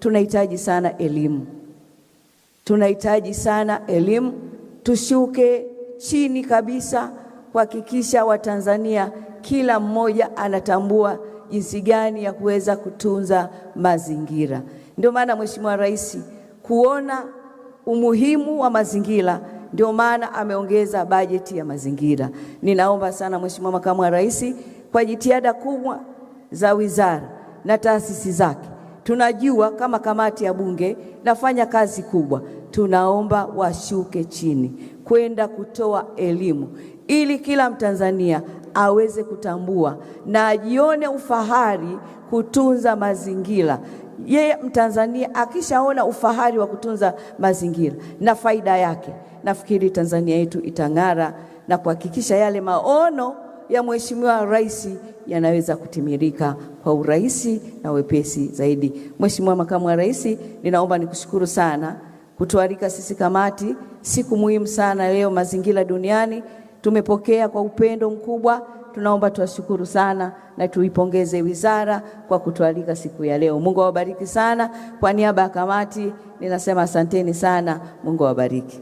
tunahitaji sana elimu, tunahitaji sana elimu. Tushuke chini kabisa kuhakikisha Watanzania kila mmoja anatambua jinsi gani ya kuweza kutunza mazingira. Ndio maana Mheshimiwa Rais kuona umuhimu wa mazingira ndio maana ameongeza bajeti ya mazingira. Ninaomba sana Mheshimiwa Makamu wa Rais, kwa jitihada kubwa za wizara na taasisi zake tunajua kama kamati ya bunge nafanya kazi kubwa, tunaomba washuke chini kwenda kutoa elimu ili kila Mtanzania aweze kutambua na ajione ufahari kutunza mazingira. Yeye Mtanzania akishaona ufahari wa kutunza mazingira na faida yake, nafikiri Tanzania yetu itang'ara na kuhakikisha yale maono ya Mheshimiwa Rais yanaweza kutimirika kwa urahisi na wepesi zaidi. Mheshimiwa Makamu wa Rais, ninaomba nikushukuru sana kutualika sisi kamati. Siku muhimu sana leo, mazingira duniani, tumepokea kwa upendo mkubwa. Tunaomba tuwashukuru sana na tuipongeze wizara kwa kutualika siku ya leo. Mungu awabariki sana. Kwa niaba ya kamati ninasema asanteni sana. Mungu awabariki.